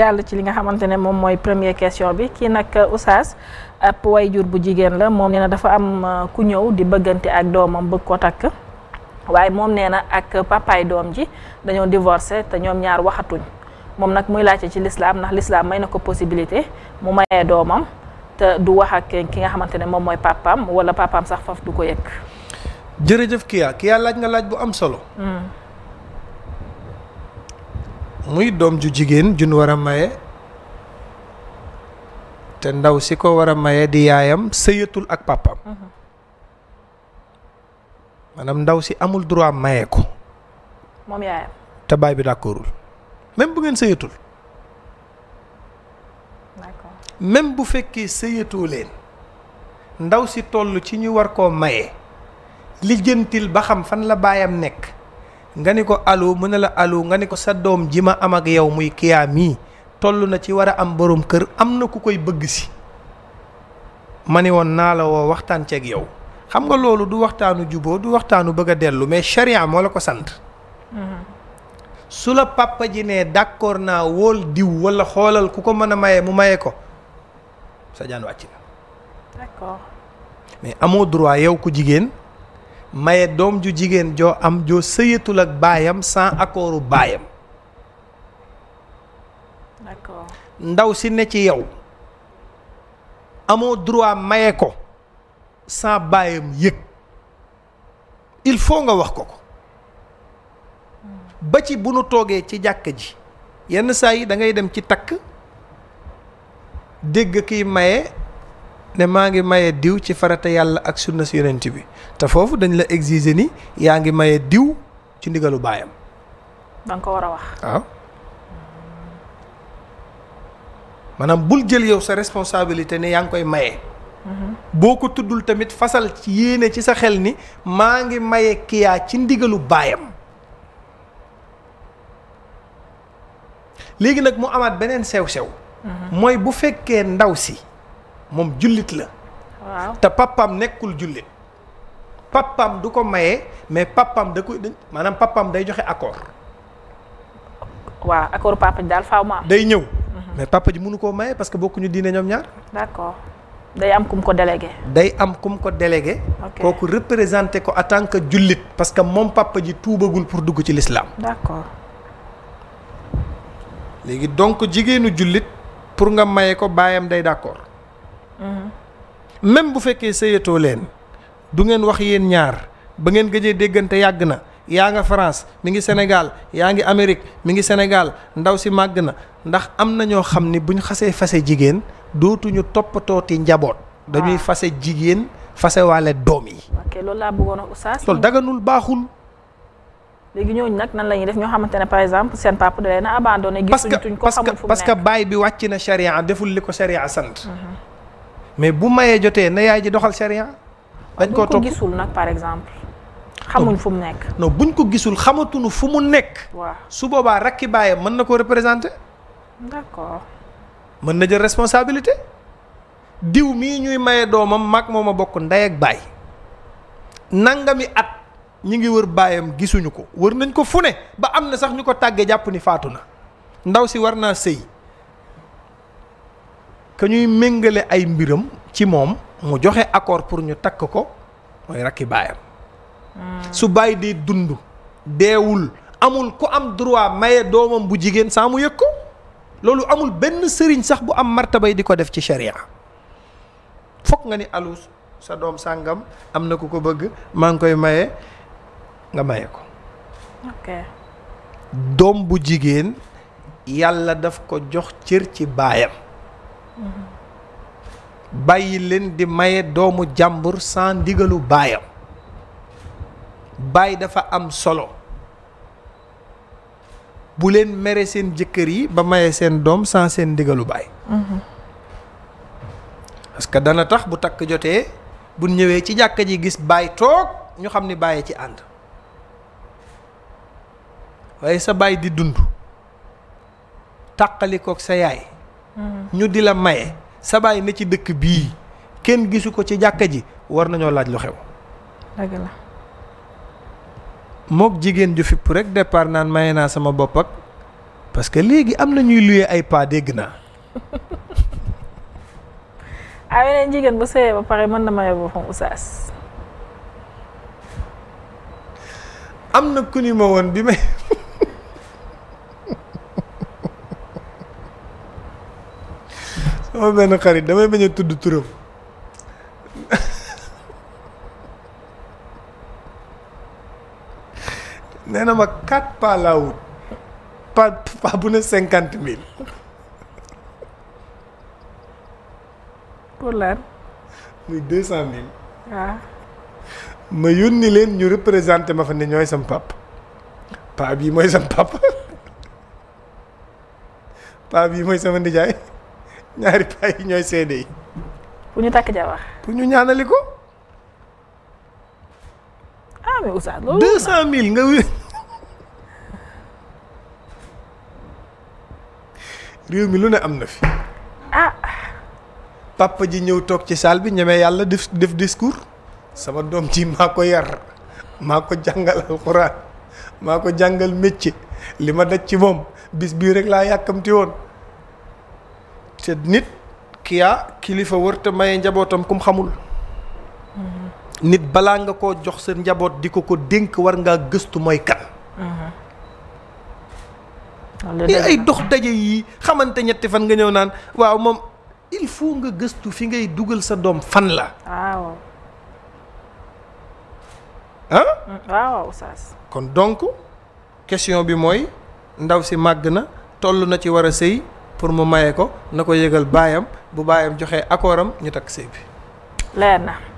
yàlla ci li nga xamante ne moom mooy première question bi kii nag oustaz ab jur bu jigéen la moom nee na dafa am euh, ku ñëw di bëggante ak doomam bëgg ko takk waaye moom nee na ak papaay doom ji dañoo divorcé te ñoom ñaar waxatuñ moom nag muy laajte ci lislaam ndax lislaam may na ko possibilité mu mayee doomam te du wax ak ki nga xamante ne moom mooy papaam wala papaam sax faf du ko yëg jërëjëf Kya Kya laaj nga laaj bu am solo hmm. muy doom ju jigéen jun war a maye te ndaw si ko war a maye di yaayam sëyatul ak pàppam maanaam ndaw si amul droit maye ko moom yaayam te baay bi d'accordul même bu ngeen sëyatul même bu fekkee sëyatoo ndaw si toll ci ñu war koo maye lijjantil ba xam fan la baayam nekk nga ni ko allo mu ne la allo nga ni ko sa doom ji ma am ak yow muy kiyaa mii toll na ci war a am boroom kër am na ku koy bëgg si ma ni woon naa la woo waxtaan ceeg yow xam nga loolu du waxtaanu juboo du waxtaanu bëgg a dellu mais charia moo la ko sant mm-hmm. su la papa ji ne d'accord naa wóol diw wala xoolal ku ko mën a maye mu maye ko sa jaan wàcc na mais amoo droit yow ku jigéen maye doom ju jigéen joo am joo sëyatul ak baayam sans accordu baayam ndaw si ne ci yow amoo droit maye ko sans baayam yëg il faut nga wax ko ko hmm. ba ci bu nu toogee ci jàkk ji yenn saa yi da ngay dem ci takk dégg kiy maye ne maa ngi maye diw ci farata yàlla ak sunna si yonent bi te foofu dañ la exiger ni yaa ngi maye diw ci ndigalu baayam. da nga ko war a wax. waaw maanaam bul jël yow sa responsabilité ne yaa ngi koy maye. Mm-hmm. boo ko tuddul tamit fasal ci yéene ci sa xel ni maa ngi maye kiyaa ci ndigalu baayam. léegi nag mu amaat beneen sew-sew. Mm-hmm. mooy bu fekkee ndaw si. moom jullit la. te papaam nekkul jullit. papaam du ko maye mais papaam da ko maanaam papaam day joxe accord. waa accord papa ji daal faaw mu am. day ñëw. Mhm. mais papa ji mënu koo maye parce que bokkuñu diine ñoom ñaar. d'accord day am kum ko délégué. day am kum ko délégué. kooku représenté ko en tant que jullit. parce que moom papa ji tuubagul pour dugg ci l'islam. d'accord. léegi donc jigéenu jullit pour nga maye ko baayam day d'accord. même bu fekkee sëyatoo leen du ngeen wax yéen ñaar ba ngeen gëjee déggante yàgg na yaa nga France mi ngi Sénégal yaa ngi Amérique mi ngi Sénégal ndaw si màgg na ndax am na ñoo xam ni bu ñu xasee fase jigéen dootuñu toppatooti njaboot. Ah. dañuy fase jigéen fase waale doom yi. ok loolu laa a oustaz. daganul baaxul. léegi ñooñu nag nan la ñuy def ñoo xamante ne par exemple seen papa da leen a abandonné. ko xamul parce que parce baay bi wàcc na sharia deful li ko sharia sant. Mhm. mais bu mayee jotee ne yaay ji doxal sharia dañ koo topp gisul nag par exemple. xamuñ fu mu nekk. non buñ ko gisul xamatuñu fu mu nekk. waaw su boobaa rakki baayam mën na ko représenter. d'accord. mën na jël responsabilité. diw mii ñuy maye doomam mag moom ma bokk ndey ak baay. mi at ñi ngi wër baayam gisuñu ko wër nañ ko fu ne ba am na sax ñu ko tàggee jàpp ni faatu na ndaw si war naa sëy que ñuy méngale ay mbiram ci moom mu joxe accord pour ñu takk ko mooy rakki baayam hmm. su bàyyi di dund deewul amul ku am droit maye doomam bu jigéen saa mu yëg ko loolu amul benn sëriñ sax bu am martabay di ko def ci sharia foog nga ni alu sa doom sàngam am na ku ko bëgg maa ngi koy maye nga maye ko doom bu jigéen yàlla daf ko jox cër ci baayam bàyyi leen di maye doomu jàmbur sans ndigalu baayam baay dafa am solo bu leen mere seen jëkkër yi ba maye seen doom sans seen ndigalu baay parce que dana tax bu takk jotee bu ñëwee ci jàkka ji gis baay toog ñu xam ni bàyyi ci ànd waaye sa baay di dund tàqalikook sa yaay Hmm. ñu di la maye sa baay na ci dëkk bii kenn gisu ko ci jàkka ji war nañoo laaj lu xew. mook jigéen ju fippu rek départ naan maye naa sama bopp ak parce que léegi am na ñuy luye ay pas dégg naa. ah yeneen jigéen bu sëyee ba pare mën na maye boppam oustaz. am na ku ni ma woon bi may. sama benn xarit damay bañ a tudd turam nee na ma quatre pas laa wut pas bu ne cinquante mille. pour lan. muy deux cent mille. waaw. Ah. ma yónni leen ñu représenté ma fa ne ñooy sam pap paa bii mooy sam paa bii mooy sama nijaay. ñaari pay yi ñooy seede yi. pour ñu takk jabar. pour ñu ñaanali ko. ah cent mille nga. réew mi lu ne am na fi. ah. ji ñëw toog ci salle bi ñeme yàlla def def discours. sama doom ji maa ko yar maa ko jàngal alxuraan maa ko jàngal métier li ma daj ci moom bis bii rek laa yàkkamti woon. te nit ki kilifa wërta maye njabootam kum xamul nit balaa nga ko jox sa njaboot di ko ko dénk war ngaa gëstu mooy kan ay dox daje yi xamante ñetti fan nga ñëw naan waaw moom il faut nga gëstu fi ngay dugal sa doom fan la kon donc question bi mooy ndaw si màgg na toll na ci war a sëy pour mu maye ko na ko yëgal baayam bu baayam joxee accordam ñu takk sëy bi leer na